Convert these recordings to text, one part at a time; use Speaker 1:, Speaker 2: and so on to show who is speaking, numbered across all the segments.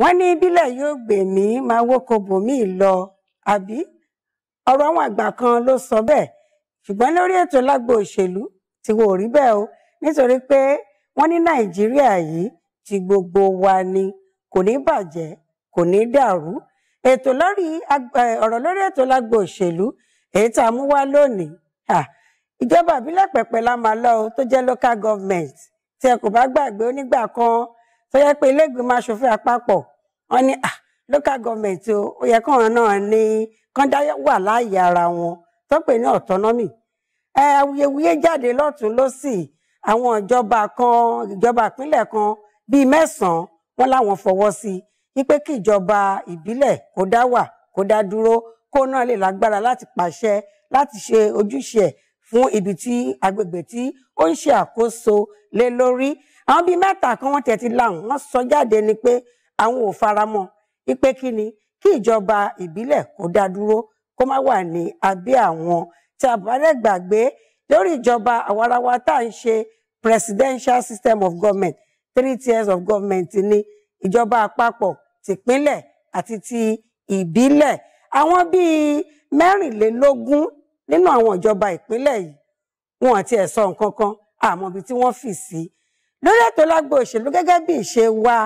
Speaker 1: wọ́n ní bílẹ̀ yóò gbè mí máa wóko bòmíì lọ àbí ọ̀rọ̀ àwọn àgbà kan ló sọ bẹ́ẹ̀ ṣùgbọ́n lórí ètò lágbo òṣèlú tí wò rí bẹ́ẹ̀ o nítorí pé wọ́n ní nàìjíríà yìí ti gbogbo wa ni kò ní bàjẹ́ kò ní dàrú ètò lórí ọ̀rọ̀ lórí ètò lágbo òṣèlú èyí tá a mú wá lónìí ìjọba ìbílẹ̀ pẹ̀pẹ̀ la máa lọ o tó jẹ́ local government tí ẹ kò bá gbàgbé onígbà kan tó yẹ pé ilé ìgbìmọ̀ asòfin àpapọ̀ wọ́n ní ah, local government o ó yẹ kọ́wọn náà ní kọ́ńdá wà láàyè ara wọn tó pè ní autonomy awuyewuye jáde lọ́tún lọ́sì àwọn ìjọba kan ìjọba ìpínlẹ̀ kan bíi mẹ́sàn-án wọn láwọn fọwọ́ sí wípé kí ìjọba ìbílẹ̀ kó dá wà kó dá dúró kó náà lè lágbára láti pàṣẹ láti ṣe ojúṣe fún ibi tí agbègbè tí ó ń ṣe àkóso lé lórí àwọn bíi mẹ́ta kan wọ́n tẹ̀ ti láwọn wọ́n sọ jáde ni pé àwọn ò faramọ́ ipe kíni kí ìjọba ìbílẹ̀ kó dá dúró kó má wà ní abẹ́ àwọn tí a bá rẹ̀ gbàgbé lórí ìjọba àwarawa tá à ń ṣe presidential system of government three tiers of government ni ìjọba àpapọ̀ tìpínlẹ̀ àti ti ìbílẹ̀ àwọn bíi mẹ́rìnlélógún nínú àwọn ìjọba ìpínlẹ̀ yìí wọn àti ẹ̀sọ́ nǹkan kan àmọ́ ibi tí wọ́n fì sí lórí ètò lágbo òṣèlú gẹ́gẹ́ bí ìṣe wa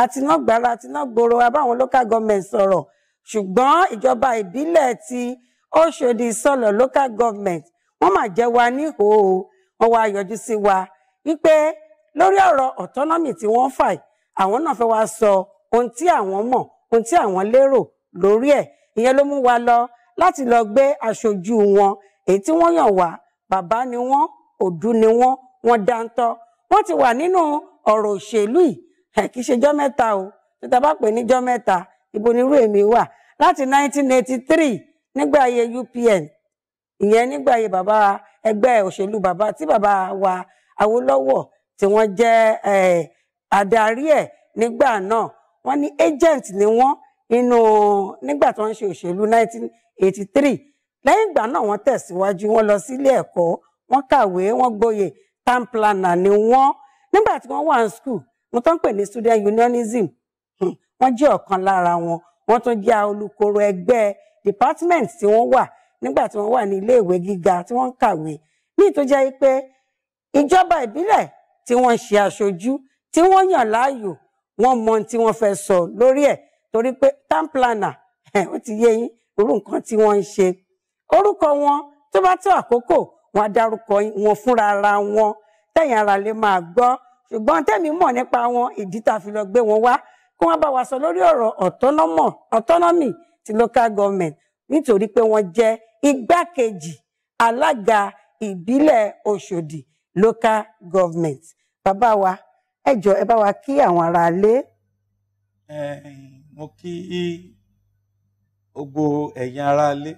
Speaker 1: àtinágbára àtinágboro abáwọn local government sọ̀rọ̀ ṣùgbọ́n ìjọba ìbílẹ̀ ti Ọ̀ṣọ́dì Ìsọlọ̀ local government wọ́n mà jẹ́ wa níhò wọ́n wá yọjú sí wa wípé lórí ọ̀rọ̀ autonomy tí wọ́n fà àwọn náà fẹ́ wá sọ ohun tí àwọn mọ̀ ohun tí àwọn lérò lórí ẹ̀ ìyẹn ló mú wa lọ láti lọ gbé aṣojú wọn èyí tí wọ́n yàn wá bàbá ni wọ́n òdú ni wọ́n wọ́n dáńtọ́ wọ́n ti wà nínú ọ̀rọ̀ òṣèlú yìí kì í ṣe jọ́ mẹ́ta o tó ta bá pè ní jọ́ mẹ́ta ibo ni irú èmi wà láti 1983 nígbà ayé UPN ìyẹn nígbà ayé bàbá ẹgbẹ́ òṣèlú bàbá tí bàbá wa Awólọ́wọ̀ tí wọ́n jẹ́ adarí ẹ̀ nígbà náà wọ́n ní agent ni wọ́n nínú nígbà tó ń ṣe òṣèlú 1983 lẹ́yìn ìgbà náà wọ́n tẹ̀síwájú wọ́n lọ sílé ẹ̀kọ́ wọ́n kàwé wọ́n gboyè town planner ni wọ́n nígbà tí wọ́n wà ní school wọn tó ń pè ní student unionism hmm, wọn jẹ́ ọ̀kan lára wọn wọn tún jẹ́ olùkóró ẹgbẹ́ department tí wọ́n wà nígbà tí wọ́n wà ní iléèwé gíga tí wọ́n ń kàwé ní tó jẹ́ pé ìjọba ìbílẹ̀ tí wọ́n ń ṣe aṣojú tí wọ́n yàn láàyò wọ́n mọ tí wọ́n fẹ́ sọ lórí ẹ̀ torí pé town planner ó ti yé yín irú nǹkan tí wọ́n ń ṣe orúkọ wọn tó bá tó àkókò wọn á dárúkọ wọn fúnra ara wọn tẹ̀yìn ara lè máa gbọ́ ṣùgbọ́n tẹ́mi mọ̀ nípa wọn ìdí tá a fi lọ gbé wọn wá kí wọ́n bá wa sọ lórí ọ̀rọ̀ autonomy ti local government nítorí pé wọ́n jẹ́ igbákejì alága ìbílẹ̀ Òṣòdì local government bàbá wa ẹ jọ̀ọ́ ẹ bá wa kí àwọn aráalé.
Speaker 2: ẹ mo kí gbogbo ẹ̀yin aráalé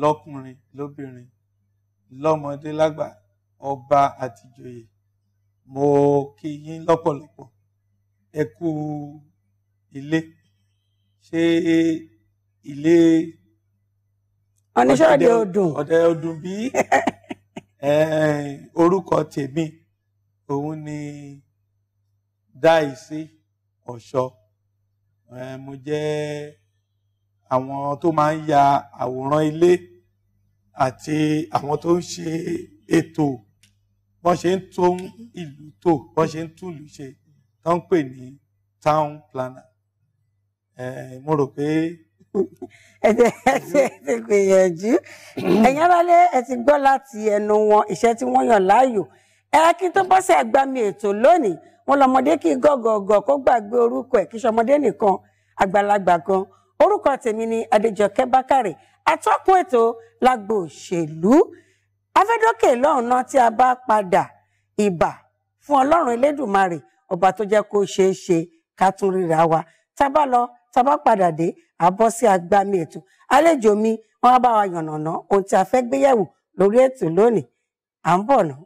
Speaker 2: lọ́kùnrin lóbìnrin lọ́mọdé lágbà ọba àtìjòyè mo kí yín lọ́pọ̀lọpọ̀ ẹ kú ilé ṣé ilé oníṣòde ọdún ọdẹ ọdún bí orúkọ tèmi òun ni dáìsí ọ̀ṣọ́ mo jẹ́ àwọn tó máa ń ya àwòrán ilé àti àwọn tó ń ṣe ètò wọ́n ṣe ń tún ìlú tò wọ́n ṣe ń tún ìlú ṣe tó ń pè ní town planner
Speaker 1: mo rò pé. ẹ ti gbìyànjú ẹ̀yin aráalé ẹ ti gbọ́ láti ẹnu wọn iṣẹ́ tí wọ́n yàn láàyò ẹ kí n tó bọ́ sí ẹgbàmì ètò lónìí wọn lọmọdé kí gọgọgọ kó gbàgbé orúkọ ẹ kí sọmọdé nìkan àgbàlagbà kan orúkọ tèmi ni Adéjọkẹ́ Bákàrè atọ́kùn ètò lágbo òṣèlú afẹ́dókè lọ́hùn náà tí a bá padà ìbà fún ọlọ́run elédùmarè ọba tó jẹ́ kó ṣeé ṣe ká tún ríra wa tá a bá lọ tá a bá padà dé a bọ́ sí agbami ètò àlejò mi wọ́n bá wa yànnàná ohun tí a fẹ́ gbéyẹ̀wò lórí ètò lónìí à ń bọ̀ náà.